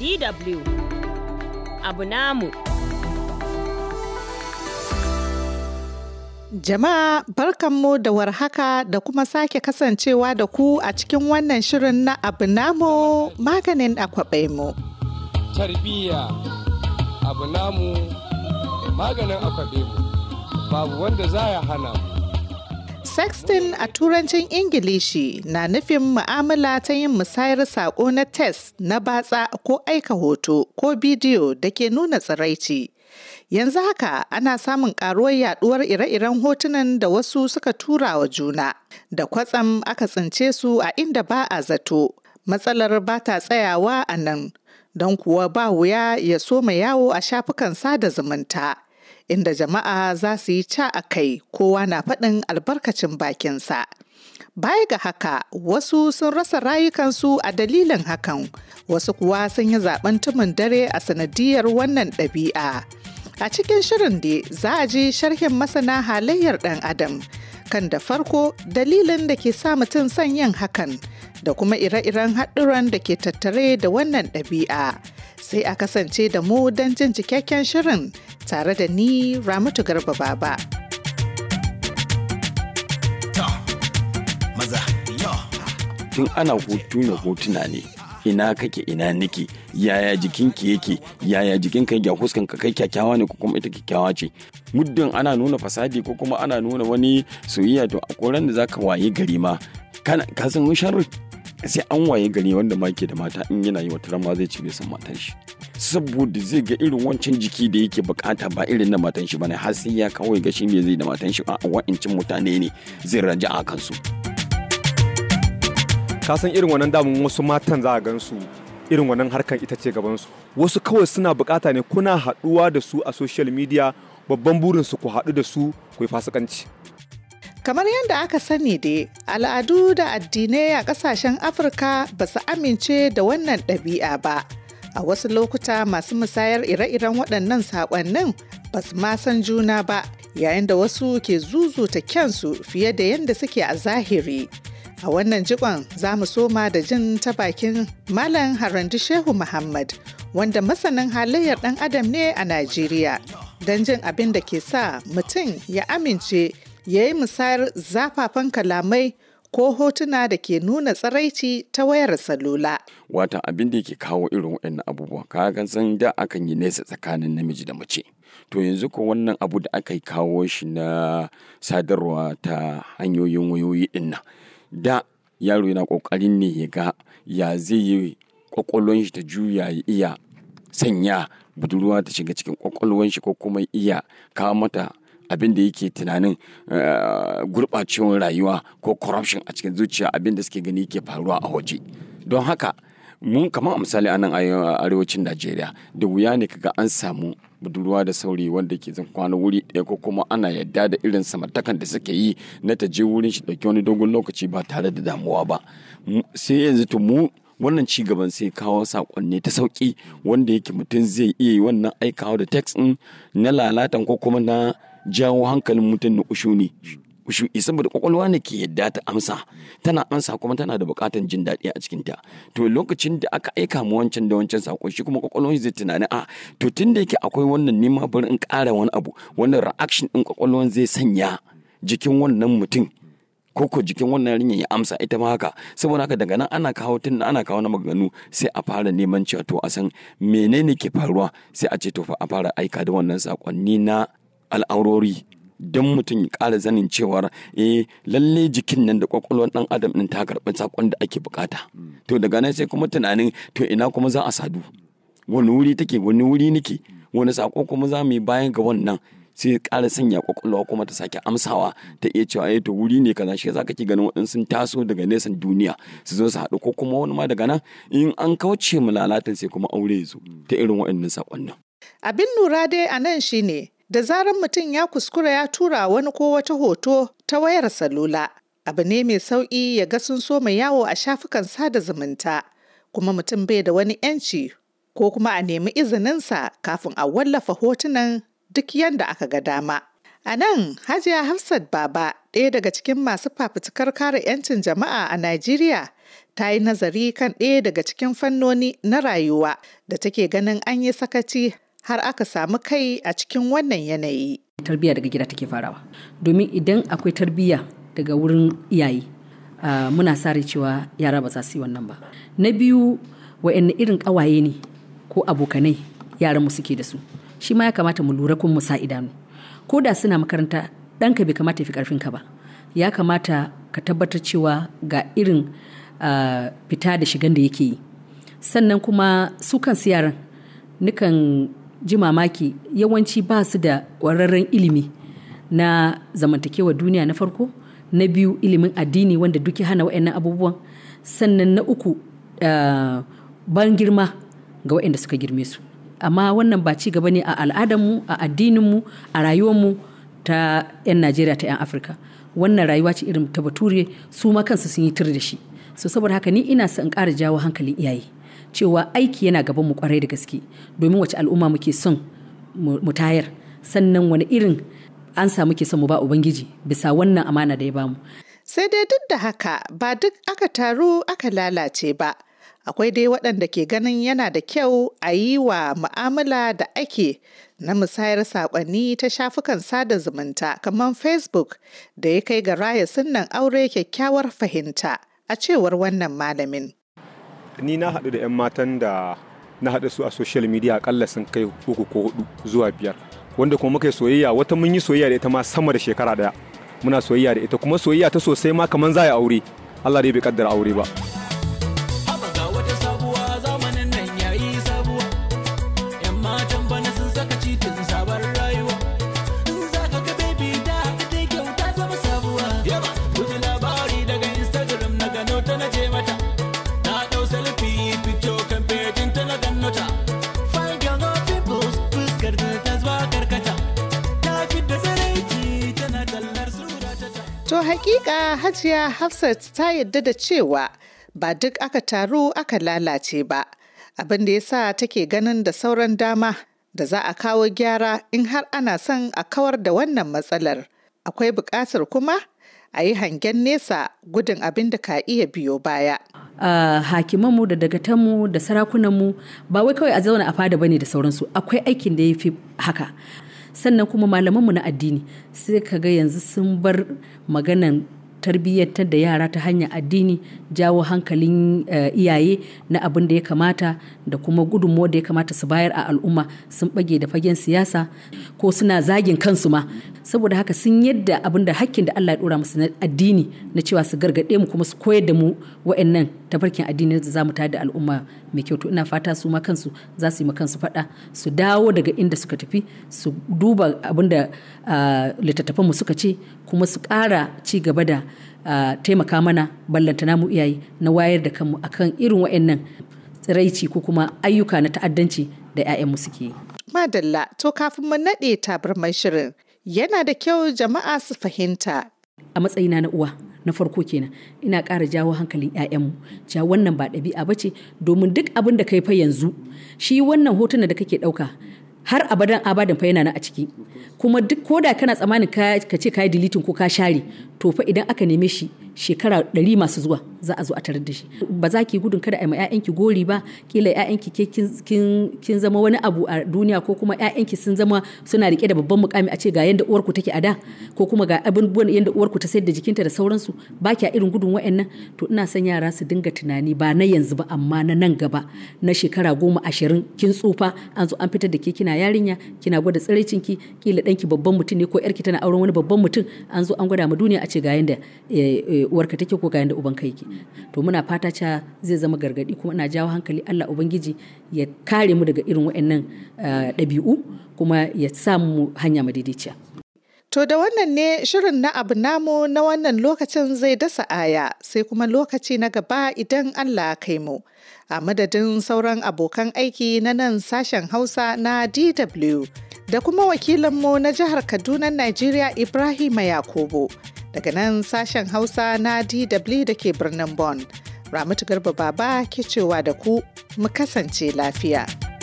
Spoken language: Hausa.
DW abu namu. Jama'a barkanmu da warhaka da kuma sake kasancewa da ku a cikin wannan shirin na abu namu maganin akwabai mu. Tarbiyya abu namu maganin akwabai mu babu wanda za ya hana mu. Sexting a turancin Ingilishi na nufin mu'amala ta yin musayar saƙo na tes na batsa ko aika hoto ko bidiyo da ke nuna tsiraici. Yanzu haka ana samun ƙaruwar yaɗuwar ire-iren hotunan da wasu suka tura wa juna, da kwatsam aka tsince su a inda ba a zato. Matsalar ba ta tsayawa a nan, don kuwa ba wuya ya soma yawo a shafukan sada zumunta. inda jama'a za su yi ca a kai kowa na faɗin albarkacin bakinsa. Baya ga haka wasu sun rasa rayukansu a dalilin hakan, wasu kuwa sun yi zaben tumin dare a sanadiyar wannan ɗabi'a. A cikin shirin da za a ji sharhin masana halayyar ɗan adam kan da farko dalilin da ke sa mutum son yin hakan da kuma ire-iren haɗuran da ke tattare da wannan ɗabi'a. sai a kasance da mu don jin cikakken shirin tare da ni Ramatu Garba Baba. Tun ana hutu na hotuna ne, ina kake ina nake, yaya jikinki yake, yaya jikinka yake huskan ka kai kyakkyawa ne ko kuma ita kyakkyawa ce. Muddin ana nuna fasadi ko kuma ana nuna wani soyayya to a koran da zaka waye gari ma. Kana ka sharri sai an waye gani wanda ma ke da mata in yana yi wata rama zai ci bai san matan shi saboda zai ga irin wancan jiki da yake bukata ba irin na matan shi bane har sai ya kawai ga shi ne zai da matan shi a wa'incin mutane ne zai raja a kansu ka san irin wannan damun wasu matan za a gan su irin wannan harkan ita ce gabansu wasu kawai suna bukata ne kuna haduwa da su a social media babban burin su ku haɗu da su ku yi fasikanci kamar yadda aka sani da al'adu da addinai a kasashen afirka ba su amince da wannan ɗabi'a ba a wasu lokuta masu musayar ire-iren waɗannan saƙonnin ba su ma san juna ba yayin da wasu ke zuzuta kyansu fiye da yadda suke a zahiri a wannan jikon za mu soma da jin ta bakin malam harandi shehu muhammad wanda masanin halayyar ɗan adam ne a najeriya don jin abin da ke sa mutum ya amince ya yi musayar zafafan kalamai ko hotuna da ke nuna tsaraici ta wayar salula. Wata abin da yake kawo irin waɗannan abubuwa kaga san da akan yi nesa tsakanin namiji da mace. To yanzu ko wannan abu da aka kawo shi na sadarwa ta hanyoyin wayoyi ɗin nan. Da yaro yana ƙoƙarin ne ya ga ya zai yi ƙwaƙwalwan shi ta juya ya iya sanya budurwa ta shiga cikin ƙwaƙwalwan shi ko kuma iya kawo mata abin da yake tunanin eh, gurɓacewar rayuwa ko corruption a cikin zuciya abin da suke gani yake faruwa a waje don haka mun kamar a misali a nan arewacin najeriya da wuya ne kaga an samu budurwa da sauri wanda ke zan kwana wuri ɗaya ko kuma ana yadda da irin samartakan da suke yi na ta je wurin shi ɗauki wani dogon lokaci ba tare da damuwa ba sai yanzu to mu wannan ci gaban sai kawo sakonni ta sauki wanda yake mutum zai iya yi wannan aikawa da text na lalatan ko kuma na jawo hankalin mutum na ushuni ushu'i eh, saboda kwakwalwa ne ke yadda ta amsa tana amsa kuma tana da bukatan jin daɗi a cikin ta to lokacin da aka aika mu wancan da wancan sako shi kuma kwakwalwan zai tunani a to tun da yake akwai wannan nema bari in ƙara wani abu wannan reaction din kwakwalwan zai sanya jikin wannan mutum koko jikin wannan yarinyar ya amsa ita ma haka saboda haka daga nan ana kawo tun ana kawo na maganganu sai a fara neman cewa to a san menene ke faruwa sai a ce to fa a fara aika da wannan sakonni na al'aurori don mutum ya kara zanin cewa eh lalle jikin nan da kwakwalwar dan adam din ta karɓi sakon da ake bukata mm. to daga nan sai kuma tunanin to ina kuma za a sadu wani wuri take wani wuri nake wani sako kuma za mu yi bayan ga wannan sai ƙara sanya kwakwalwa kuma ta sake amsawa ta iya cewa eh to wuri ne kaza shi zaka ki ganin waɗansu sun taso daga nesan duniya su zo su haɗu ko kuma wani ma daga nan in an kauce mu lalatan sai kuma aure ya zo ta irin waɗannan sakonnin abin lura dai a nan shine da zarar mutum ya kuskura ya tura wani ko wata hoto ta wayar salula abu ne mai sauƙi ya ga sun so mai yawo a shafukan sada zumunta kuma mutum bai da wani 'yanci ko kuma a nemi izininsa kafin a wallafa hotunan duk yadda aka ga dama. A nan Hajiya Hafsat Baba ɗaya daga cikin masu fafutukar kare 'yancin jama'a a Najeriya ta yi nazari kan ɗaya daga cikin fannoni na rayuwa da take ganin an yi sakaci har aka samu kai a cikin wannan yanayi. Tarbiyya daga gida take farawa. Domin idan akwai tarbiyya daga wurin iyaye muna sare cewa yara ba za su yi wannan ba. Na biyu wa'anne irin ƙawaye ne ko abokanai yaran mu suke da su. Shi ma ya kamata mu lura kun mu sa idanu. Ko da suna makaranta ɗanka bai kamata ya fi ƙarfinka ba. Ya kamata ka tabbatar cewa ga irin fita da shigan da yake yi. Sannan kuma su kansu yaran nukan ji mamaki yawanci ba su da ƙwararren ilimi na zamantakewa duniya na farko na biyu ilimin addini wanda duk hana wa'annan abubuwan sannan na uku eh, ban girma ga wa'anda suka girme su amma wannan ba ci gaba ne a al'adarmu a addininmu a rayuwarmu ta 'yan najeriya ta 'yan afirka wannan rayuwa ce irin ta bature su ma kansu sun yi tur da shi so saboda haka ni ina son ƙara jawo hankalin iyaye cewa aiki yana gaban mu kwarai da gaske domin wace al'umma muke son mu tayar sannan wani irin an samu ke son mu ba ubangiji bisa wannan amana da ya bamu sai dai duk da haka ba duk aka taru aka lalace ba akwai dai waɗanda ke ganin yana da kyau a yi wa mu'amala da ake na musayar saƙonni ta shafukan sada zumunta kamar facebook da ya kai ga raya sunan aure kyakkyawar fahimta a cewar wannan malamin ni na haɗu da 'yan matan da na haɗu su a social media akalla sun kai uku ko hudu zuwa biyar wanda kuma muka yi soyayya wata mun yi soyayya da ita ma sama da shekara ɗaya muna soyayya da ita kuma soyayya ta sosai ma kamar za a yi aure Allah dai bai kaddara aure ba. To hakika Hajiya Hafsat ta yadda da cewa ba duk aka taru aka lalace ba, abin da ya sa take ganin da sauran dama da za a kawo gyara in har ana son a kawar da wannan matsalar. Akwai buƙatar kuma a yi hangen nesa gudun abin da ka iya biyo baya. hakimanmu da dagatanmu da sarakunanmu ba wai kawai a zauna a fada bane da sauransu akwai aikin da ya fi haka sannan kuma malamanmu na addini sai ka ga yanzu sun bar maganan tarbiyyantar da yara ta hanyar addini jawo hankalin eh, iyaye na abin da ya kamata da kuma gudunmuwa da ya kamata su bayar a al'umma sun bage da fagen siyasa ko suna zagin kansu ma saboda haka sun yadda abin da hakkin da Allah ya dora musu na addini na cewa su gargaɗe mu kuma su koyar da mu wa'annan tafarkin addini da zamu tada al'umma mai kyau to ina fata su ma kansu za su yi kansu faɗa su dawo daga inda suka tafi su duba abin da littattafanmu suka ce kuma su ƙara ci gaba da taimaka mana ballanta namu iyaye na wayar da kanmu akan irin wa'annan tsiraici ko kuma ayyuka na ta'addanci da 'ya'yanmu suke Madalla to kafin mu naɗe mai shirin yana da kyau jama'a su fahimta. A matsayina na uwa na farko kenan ina kara jawo hankalin 'ya'yanmu cewa wannan ba ɗabi'a ba ce domin duk abin da kai fa yanzu shi wannan hotunan da kake ɗauka har abadan abadan fa yana nan a ciki kuma duk koda kana tsammanin ka ce ka yi dilitin ko ka share to fa idan aka neme shi shekara ɗari masu zuwa za a zo a tarar da shi ba za ki gudun kada a ma 'ya'yanki gori ba kila 'ya'yanki ke kin zama wani abu a duniya ko kuma 'ya'yanki sun zama suna rike da babban mukami a ce ga yanda uwarku take a da ko kuma ga abubuwan yanda uwarku ta sayar da jikinta da sauransu ba ki a irin gudun wa'annan to ina son yara su dinga tunani ba na yanzu ba amma na nan gaba na shekara goma ashirin kin tsufa an zo an fitar da ke kina yarinya kina gwada ki kila ɗanki babban mutum ne ko 'yarki tana auren wani babban mutum an zo an gwada ma duniya a ce ga yanda eh, eh, uwar uwarka take ko ga uban ka yake to muna fata cewa zai zama gargadi kuma ina jawo hankali Allah ubangiji ya kare mu daga irin waɗannan eh, ɗabi'u kuma ya samu hanya madaidaiciya To da wannan ne shirin na abu namu na wannan lokacin zai dasa aya sai kuma lokaci na gaba idan Allah kai mu. A madadin sauran abokan aiki na nan sashen Hausa na DW da kuma wakilinmu na jihar Kaduna Najeriya Ibrahim Yakubu daga nan sashen Hausa na DW da ke birnin Bon. Ramatu Garba Baba ke cewa da ku mu kasance lafiya.